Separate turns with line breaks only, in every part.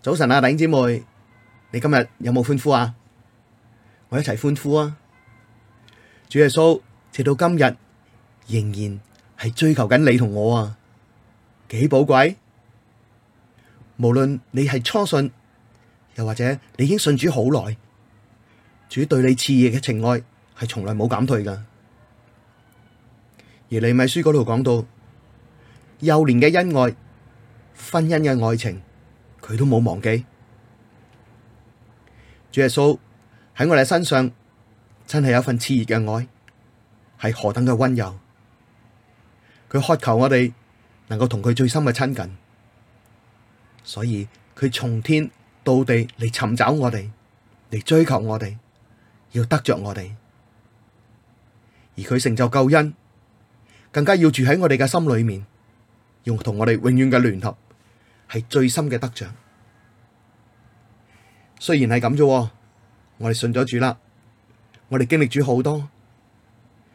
早晨啊，弟兄姊妹，你今日有冇歡呼啊？我一齊歡呼啊！主耶穌，直到今日仍然係追求緊你同我啊，幾寶貴！無論你係初信，又或者你已經信主好耐，主對你熾熱嘅情愛係從來冇減退噶。而耶利米書嗰度講到，幼年嘅恩愛，婚姻嘅愛情。佢都冇忘記，主耶穌喺我哋身上真係有一份熾熱嘅愛，係何等嘅溫柔。佢渴求我哋能夠同佢最深嘅親近，所以佢從天到地嚟尋找我哋，嚟追求我哋，要得着我哋。而佢成就救恩，更加要住喺我哋嘅心裏面，用同我哋永遠嘅聯合，係最深嘅得着。雖然係咁啫，我哋信咗主啦，我哋經歷主好多，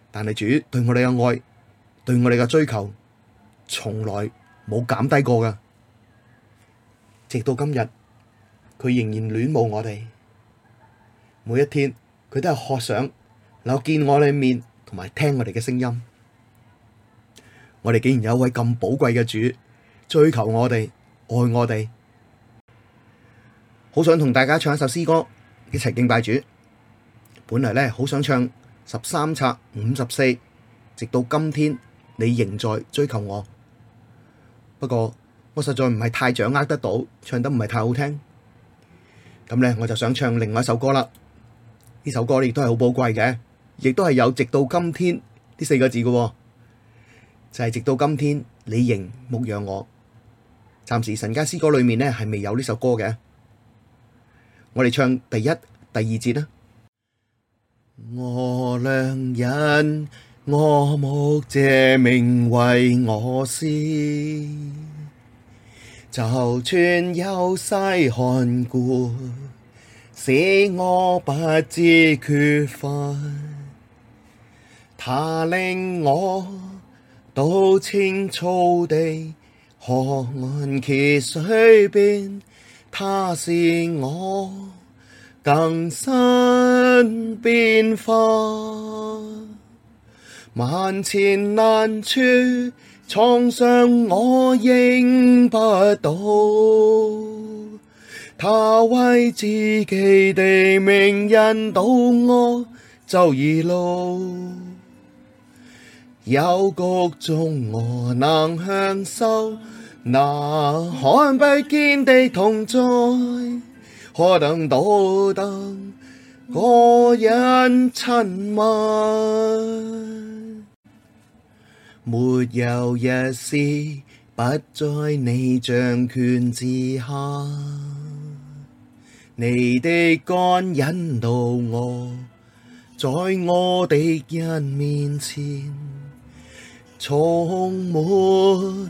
但係主對我哋嘅愛，對我哋嘅追求，從來冇減低過噶。直到今日，佢仍然戀慕我哋，每一天佢都係渴想嗱見我哋面，同埋聽我哋嘅聲音。我哋竟然有一位咁寶貴嘅主，追求我哋，愛我哋。好想同大家唱一首詩歌，一齊敬拜主。本嚟呢，好想唱十三冊五十四，直到今天你仍在追求我。不過我實在唔係太掌握得到，唱得唔係太好聽。咁呢，我就想唱另外一首歌啦。呢首歌亦都係好寶貴嘅，亦都係有直到今天呢四個字嘅，就係、是、直到今天你仍牧養我。暫時神家詩歌裏面呢，係未有呢首歌嘅。我哋唱第一、第二節啦。我良人，我牧者，名為我是，周全、柔細看顧，使我不致缺乏。祂領我到青草地，可安歇水邊。祂使我更新變化，萬千難處，創傷我仍不倒。祂為自己的名引導，我走義路，幽谷中我能享受，那看不見的同在，何等獨特、個人、親密，沒有一件事不在你掌權之下。你的竿引導我，在我敵人面前充滿。從沒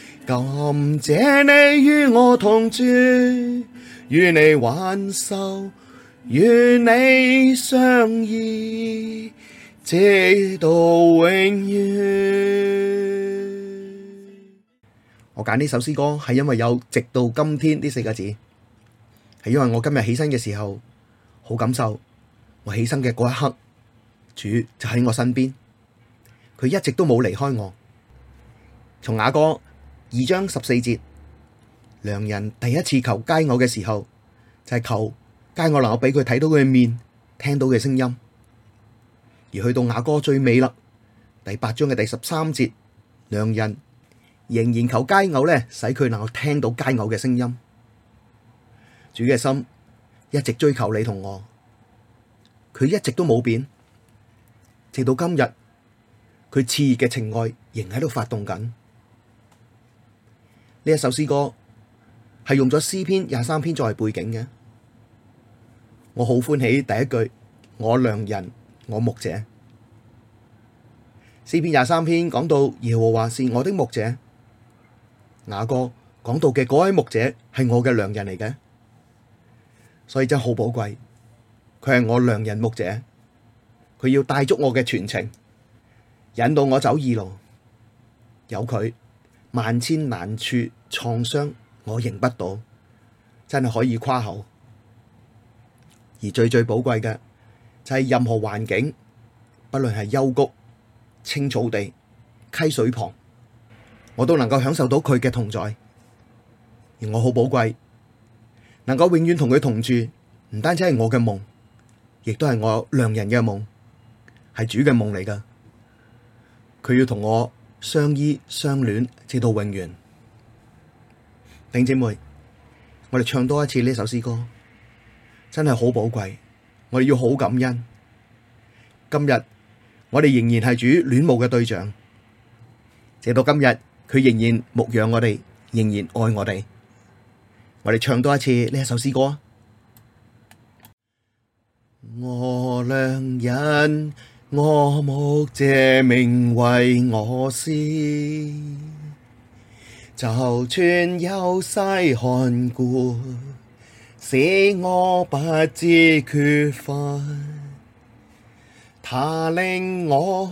感謝你與我同住，與你挽手，與你相依，直到永遠。我揀呢首詩歌，係因為有直到今天呢四個字，係因為我今日起身嘅時候，好感受我起身嘅嗰一刻，主就喺我身邊，佢一直都冇離開我。從雅歌二章十四節，良人第一次求佳偶嘅時候，就係、是、求佳偶能夠俾佢睇到佢嘅面，聽到嘅聲音。而去到雅歌最尾啦，第八章嘅第十三節，良人仍然求佳偶呢，使佢能夠聽到佳偶嘅聲音。主嘅心一直追求你同我，佢一直都冇變，直到今日，佢熾熱嘅情愛仍喺度發動緊。呢一首詩歌係用咗詩篇廿三篇作為背景嘅，我好歡喜第一句：我良人，我牧者。詩篇廿三篇講到耶和華是我的牧者，雅歌講到嘅嗰位牧者係我嘅良人嚟嘅，所以真係好寶貴。佢係我良人牧者，佢要帶足我嘅全程，引導我走義路，有佢。萬千難處創傷，我仍不倒，真係可以誇口。而最最寶貴嘅就係任何環境，不論係幽谷、青草地、溪水旁，我都能夠享受到佢嘅同在。而我好寶貴，能夠永遠同佢同住，唔單止係我嘅夢，亦都係我良人嘅夢，係主嘅夢嚟噶。佢要同我。相依相戀，直到永遠。弟兄姊妹，我哋唱多一次呢首詩歌，真係好寶貴。我哋要好感恩。今日我哋仍然係主戀慕嘅對象，直到今日，佢仍然牧養我哋，仍然愛我哋。我哋唱多一次呢一首詩歌啊！我良人。我慕借名為我詩，就算由西漢過，使我不知缺乏。他令我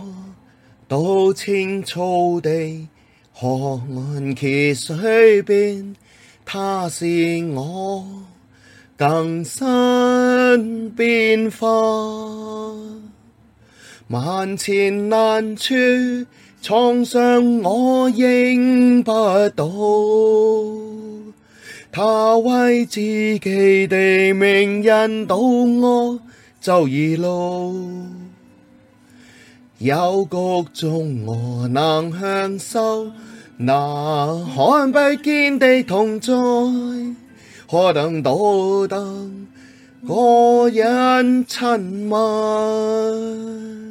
都清楚地河岸溪水邊，他是我更新變化。萬千難處，創傷我仍不倒。他為自己的名引導我走義路，幽谷中我能享受那看不見的同在，何等獨特個人親密。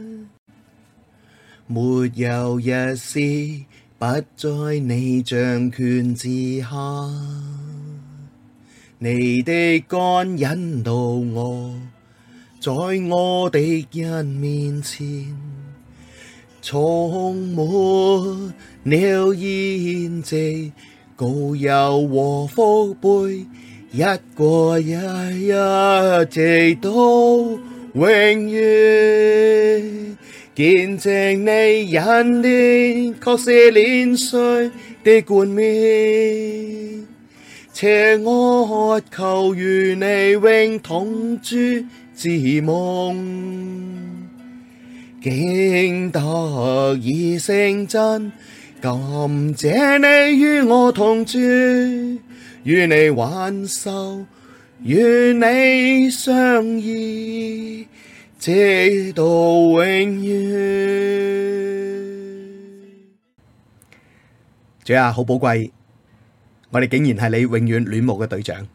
沒有一事不在你掌權之下，你的竿引導我，在我敵人面前充滿了筵席，膏油和福杯，日過一日，直到永遠。見證你恩典，確是年歲的冠冕。且我渴求與你永同住之夢，竟得以成真。感謝你與我同住，與你挽手，與你相依。直到永遠，主啊，好寶貴！我哋竟然係你永遠戀慕嘅對象。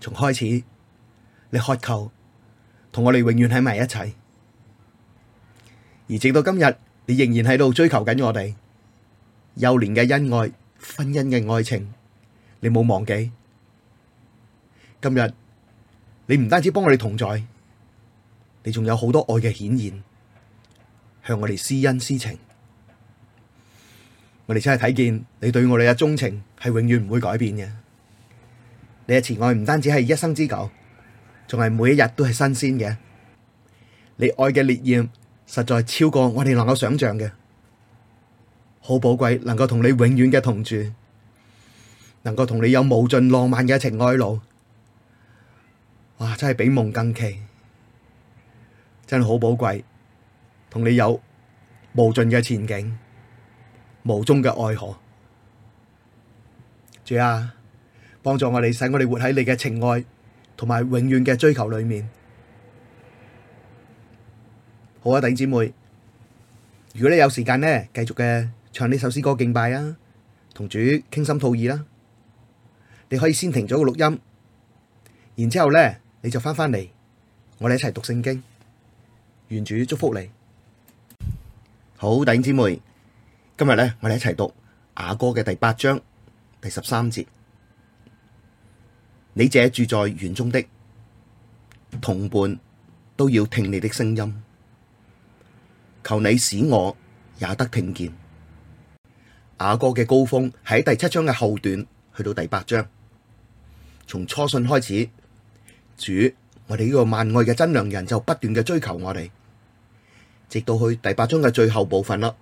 從開始，你渴求同我哋永遠喺埋一齊，而直到今日，你仍然喺度追求緊我哋。幼年嘅恩愛，婚姻嘅愛情，你冇忘記。今日，你唔單止幫我哋同在。你仲有好多愛嘅顯現，向我哋施恩施情，我哋真係睇見你對我哋嘅鍾情係永遠唔會改變嘅。你嘅慈愛唔單止係一生之久，仲係每一日都係新鮮嘅。你愛嘅烈焰實在超過我哋能夠想象嘅，好寶貴，能夠同你永遠嘅同住，能夠同你有無盡浪漫嘅一程愛路，哇！真係比夢更奇。真係好寶貴，同你有無盡嘅前景，無終嘅愛河，主啊，幫助我哋，使我哋活喺你嘅情愛同埋永遠嘅追求裏面。好啊，弟兄姊妹，如果你有時間呢，繼續嘅唱呢首詩歌敬拜啊，同主傾心吐意啦，啊。你可以先停咗個錄音，然之後呢你就翻返嚟，我哋一齊讀聖經。願主祝福你，好弟兄姊妹，今日咧，我哋一齊讀雅歌嘅第八章第十三節。你這住在園中的，同伴都要聽你的聲音，求你使我也得聽見。雅歌嘅高峰喺第七章嘅後段去到第八章，從初信開始，主我哋呢個萬愛嘅真良人就不斷嘅追求我哋。直到去第八章嘅最後部分啦，呢、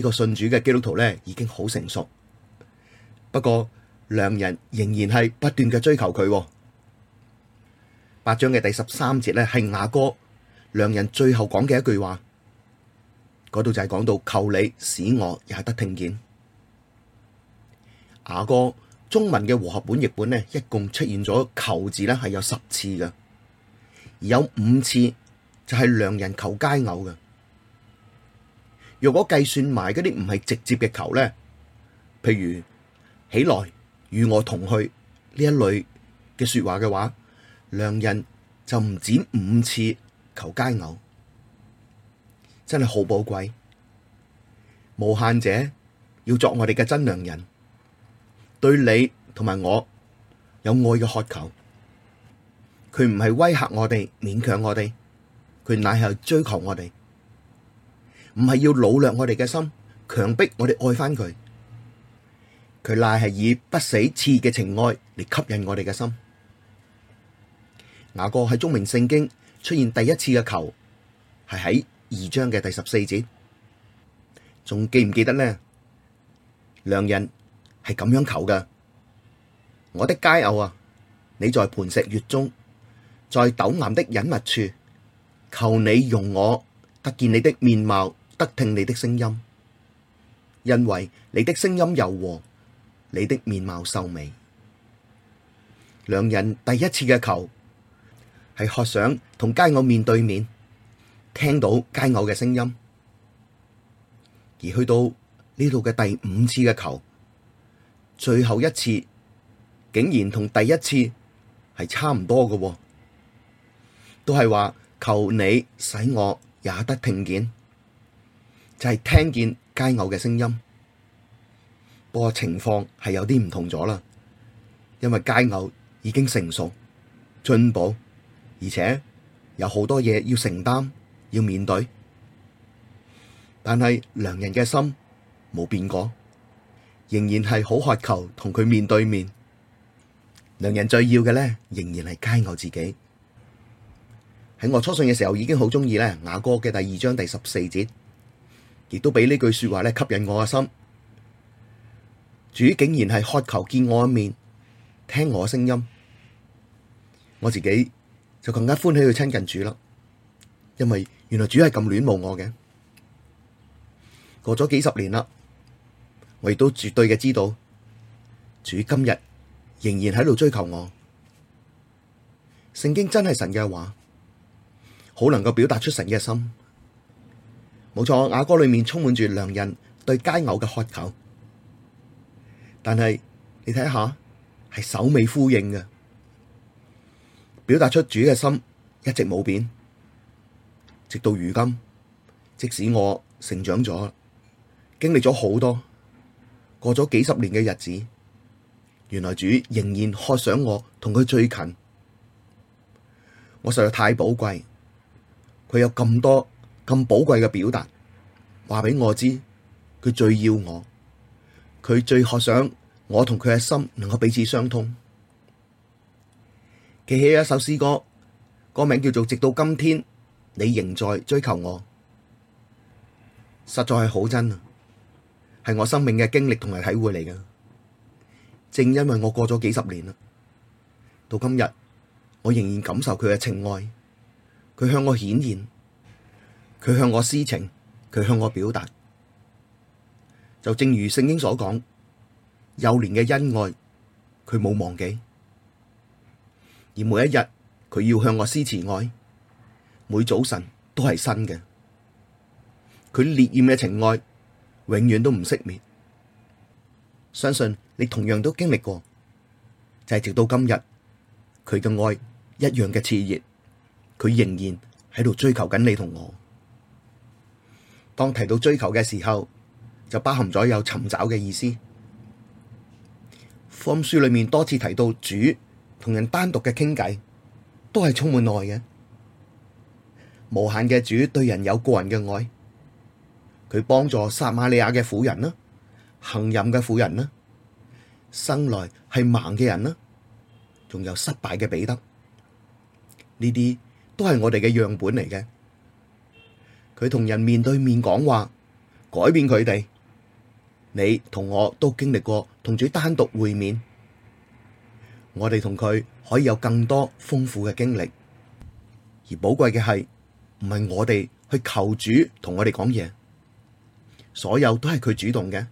這個信主嘅基督徒呢已經好成熟，不過良人仍然係不斷嘅追求佢。八章嘅第十三節呢，係雅歌良人最後講嘅一句話，嗰度就係講到求你使我也得聽見。雅歌中文嘅和合本譯本呢，一共出現咗求字咧係有十次嘅，而有五次。就係良人求佳偶嘅。若果計算埋嗰啲唔係直接嘅求咧，譬如起來，與我同去呢一類嘅說話嘅話，良人就唔止五次求佳偶，真係好寶貴。無限者要作我哋嘅真良人，對你同埋我有愛嘅渴求，佢唔係威嚇我哋，勉強我哋。佢乃係追求我哋，唔係要擄掠我哋嘅心，強迫我哋愛翻佢。佢乃係以不死熾嘅情愛嚟吸引我哋嘅心。雅歌係中文聖經出現第一次嘅求，係喺二章嘅第十四節，仲記唔記得咧？良人係咁樣求噶，我的佳偶啊，你在磐石穴中，在陡岩的隱密處。求你容我，得見你的面貌，得聽你的聲音，因為你的聲音柔和，你的面貌秀美。兩人第一次嘅求，係渴想同佳偶面對面，聽到佳偶嘅聲音；而去到呢度嘅第五次嘅求，最後一次竟然同第一次係差唔多嘅，都係話。求你使我也得聽見，就係、是、聽見佳偶嘅聲音。不過情況係有啲唔同咗啦，因為佳偶已經成熟、進步，而且有好多嘢要承擔、要面對。但係良人嘅心冇變過，仍然係好渴求同佢面對面。良人最要嘅咧，仍然係佳偶自己。喺我初信嘅時候已經好中意咧雅歌嘅第二章第十四節，亦都俾呢句說話咧吸引我嘅心。主竟然係渴求見我一面，聽我聲音，我自己就更加歡喜去親近主啦。因為原來主係咁戀慕我嘅。過咗幾十年啦，我亦都絕對嘅知道，主今日仍然喺度追求我。聖經真係神嘅話。好能夠表達出神嘅心，冇錯。雅歌裏面充滿住良人對佳偶嘅渴求，但係你睇下，係首尾呼應嘅，表達出主嘅心一直冇變，直到如今，即使我成長咗，經歷咗好多，過咗幾十年嘅日子，原來主仍然渴想我同佢最近，我實在太寶貴。佢有咁多咁寶貴嘅表達，話俾我知佢最要我，佢最渴想我同佢嘅心能夠彼此相通。記起一首詩歌，個名叫做《直到今天你仍在追求我》，實在係好真啊，係我生命嘅經歷同埋體會嚟嘅。正因為我過咗幾十年啦，到今日我仍然感受佢嘅情愛。佢向我顯現，佢向我施情，佢向我表達，就正如聖經所講，幼年嘅恩愛，佢冇忘記，而每一日佢要向我施慈愛，每早晨都係新嘅，佢烈焰嘅情愛永遠都唔熄滅，相信你同樣都經歷過，就係、是、直到今日，佢嘅愛一樣嘅熾熱。佢仍然喺度追求緊你同我。當提到追求嘅時候，就包含咗有尋找嘅意思。福音書裏面多次提到主同人單獨嘅傾偈，都係充滿愛嘅。無限嘅主對人有個人嘅愛。佢幫助撒瑪利亞嘅婦人啦，行淫嘅婦人啦，生來係盲嘅人啦，仲有失敗嘅彼得呢啲。都係我哋嘅樣本嚟嘅。佢同人面對面講話，改變佢哋。你同我都經歷過同主單獨會面，我哋同佢可以有更多豐富嘅經歷。而寶貴嘅係唔係我哋去求主同我哋講嘢，所有都係佢主動嘅。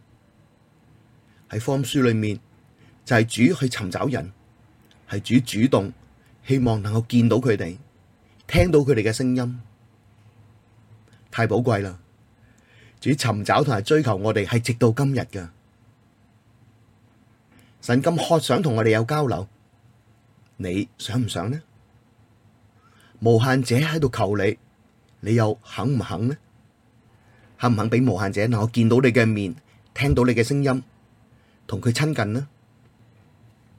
喺福音書裏面就係主去尋找人，係主主動希望能夠見到佢哋。聽到佢哋嘅聲音太寶貴啦！至於尋找同埋追求我哋係直到今日噶，神咁渴想同我哋有交流，你想唔想呢？無限者喺度求你，你又肯唔肯呢？肯唔肯俾無限者？嗱，我見到你嘅面，聽到你嘅聲音，同佢親近呢？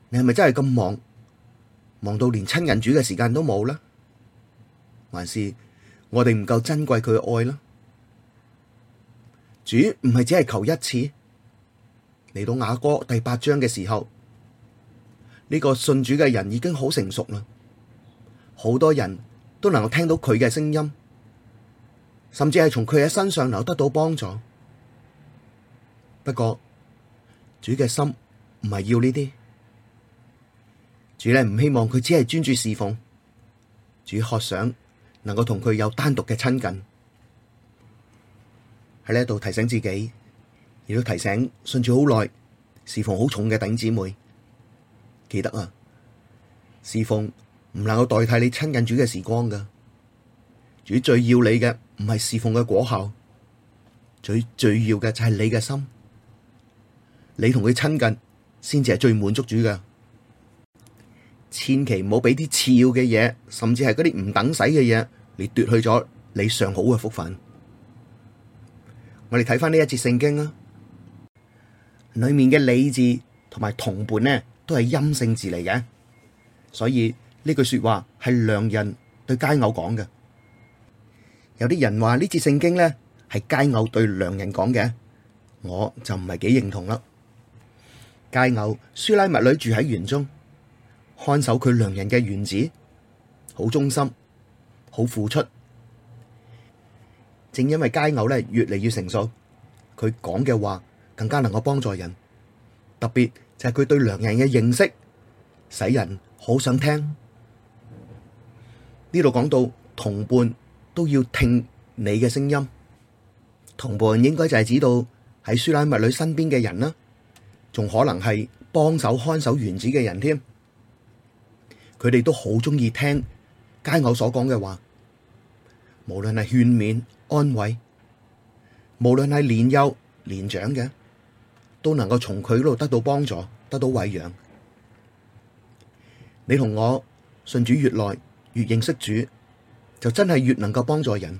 你係咪真係咁忙？忙到連親近主嘅時間都冇啦？還是我哋唔夠珍貴佢嘅愛啦。主唔係只係求一次。嚟到雅歌第八章嘅時候，呢個信主嘅人已經好成熟啦，好多人都能夠聽到佢嘅聲音，甚至係從佢嘅身上留得到幫助。不過主嘅心唔係要呢啲，主咧唔希望佢只係專注侍奉，主渴想。能夠同佢有單獨嘅親近，喺呢一度提醒自己，亦都提醒信主好耐、侍奉好重嘅弟兄姊妹，記得啊！侍奉唔能夠代替你親近主嘅時光㗎，主最要你嘅唔係侍奉嘅果效，最最要嘅就係你嘅心，你同佢親近先至係最滿足主嘅。千祈唔好俾啲次要嘅嘢，甚至係嗰啲唔等使嘅嘢，你奪去咗你上好嘅福分。我哋睇翻呢一節聖經啊，裏面嘅理智同埋同伴呢，都係陰性字嚟嘅，所以呢句說話係良人對佳偶講嘅。有啲人話呢節聖經呢係佳偶對良人講嘅，我就唔係幾認同啦。佳偶書拉密女住喺園中。看守佢良人嘅園子，好忠心，好付出。正因為佳偶咧越嚟越成熟，佢講嘅話更加能夠幫助人。特別就係佢對良人嘅認識，使人好想聽。呢度講到同伴都要聽你嘅聲音，同伴應該就係指到喺書拉密女身邊嘅人啦，仲可能係幫手看守園子嘅人添。佢哋都好鍾意聽佳偶所講嘅話，無論係勸勉、安慰，無論係年幼、年長嘅，都能夠從佢嗰度得到幫助、得到餵養。你同我信主越來越認識主，就真係越能夠幫助人。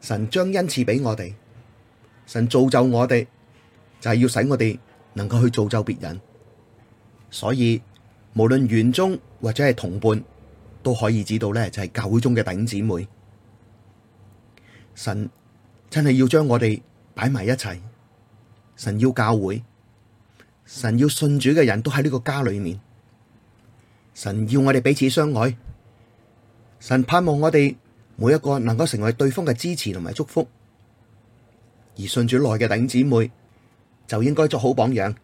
神將恩賜俾我哋，神造就我哋，就係要使我哋能夠去造就別人，所以。無論園中或者係同伴，都可以知道咧，就係、是、教會中嘅弟姊妹。神真係要將我哋擺埋一齊，神要教會，神要信主嘅人都喺呢個家裏面。神要我哋彼此相愛，神盼望我哋每一個能夠成為對方嘅支持同埋祝福。而信主耐嘅弟姊妹就應該作好榜樣，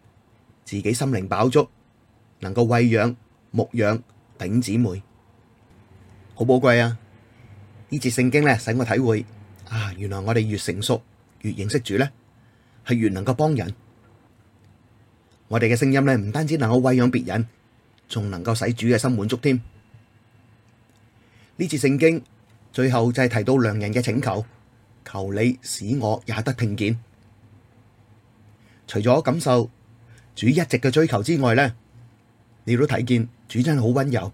自己心靈飽足，能夠餵養、牧養，你都睇見主真好溫柔，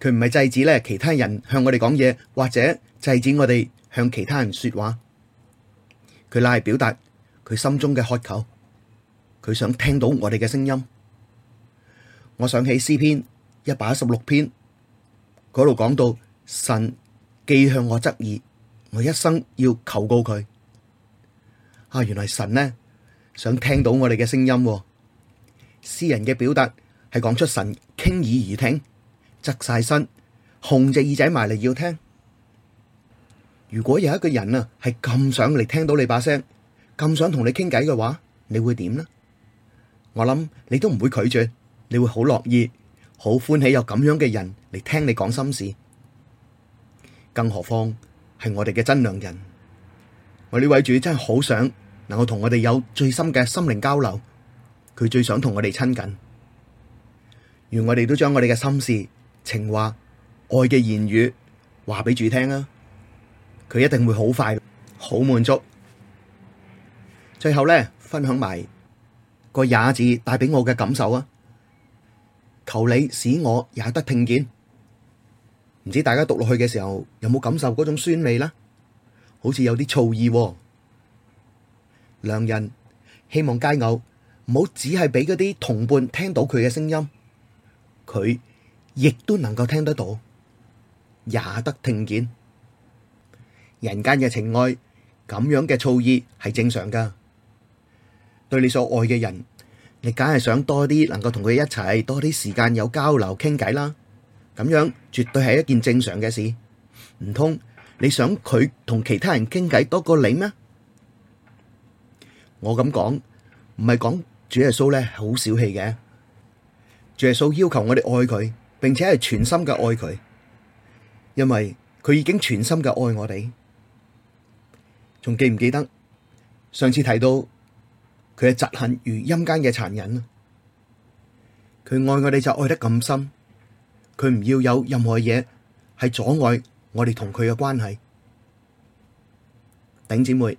佢唔係制止咧其他人向我哋講嘢，或者制止我哋向其他人說話，佢拉係表達佢心中嘅渴求，佢想聽到我哋嘅聲音。我想起詩篇一百一十六篇嗰度講到神既向我質疑，我一生要求告佢。啊，原來神呢想聽到我哋嘅聲音。詩人嘅表達係講出神傾耳而聽，側晒身，紅隻耳仔埋嚟，要聽。如果有一個人啊係咁想嚟聽到你把聲，咁想同你傾偈嘅話，你會點呢？我諗你都唔會拒絕，你會好樂意，好歡喜有咁樣嘅人嚟聽你講心事。更何況係我哋嘅真良人，我呢位主真係好想能夠同我哋有最深嘅心靈交流。佢最想同我哋親近，願我哋都將我哋嘅心事、情話、愛嘅言語話俾主聽啊！佢一定會好快、好滿足。最後咧，分享埋個也字帶俾我嘅感受啊！求你使我也得聽見，唔知大家讀落去嘅時候有冇感受嗰種酸味啦？好似有啲醋意、哦，良人希望佳偶。唔好只係俾嗰啲同伴聽到佢嘅聲音，佢亦都能夠聽得到，也得聽見。人間嘅情愛咁樣嘅醋意係正常㗎。對你所愛嘅人，你梗係想多啲能夠同佢一齊，多啲時間有交流傾偈啦。咁樣絕對係一件正常嘅事。唔通你想佢同其他人傾偈多過你咩？我咁講唔係講。主耶穌咧好小氣嘅。主耶穌要求我哋愛佢，並且係全心嘅愛佢，因為佢已經全心嘅愛我哋。仲記唔記得上次提到佢嘅嫉恨如陰間嘅殘忍啊？佢愛我哋就愛得咁深，佢唔要有任何嘢係阻礙我哋同佢嘅關係。頂姐妹，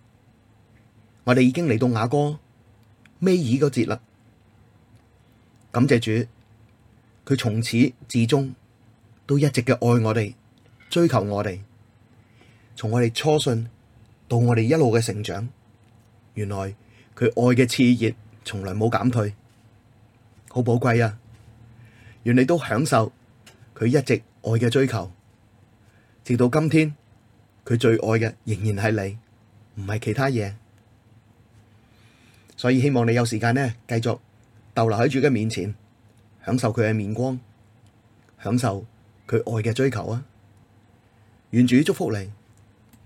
我哋已經嚟到雅歌。尾二個節啦，感謝主，佢從始至終都一直嘅愛我哋，追求我哋，從我哋初信到我哋一路嘅成長，原來佢愛嘅熾熱從來冇減退，好寶貴啊！願你都享受佢一直愛嘅追求，直到今天，佢最愛嘅仍然係你，唔係其他嘢。所以希望你有時間呢，繼續逗留喺主嘅面前，享受佢嘅面光，享受佢愛嘅追求啊！願主祝福你。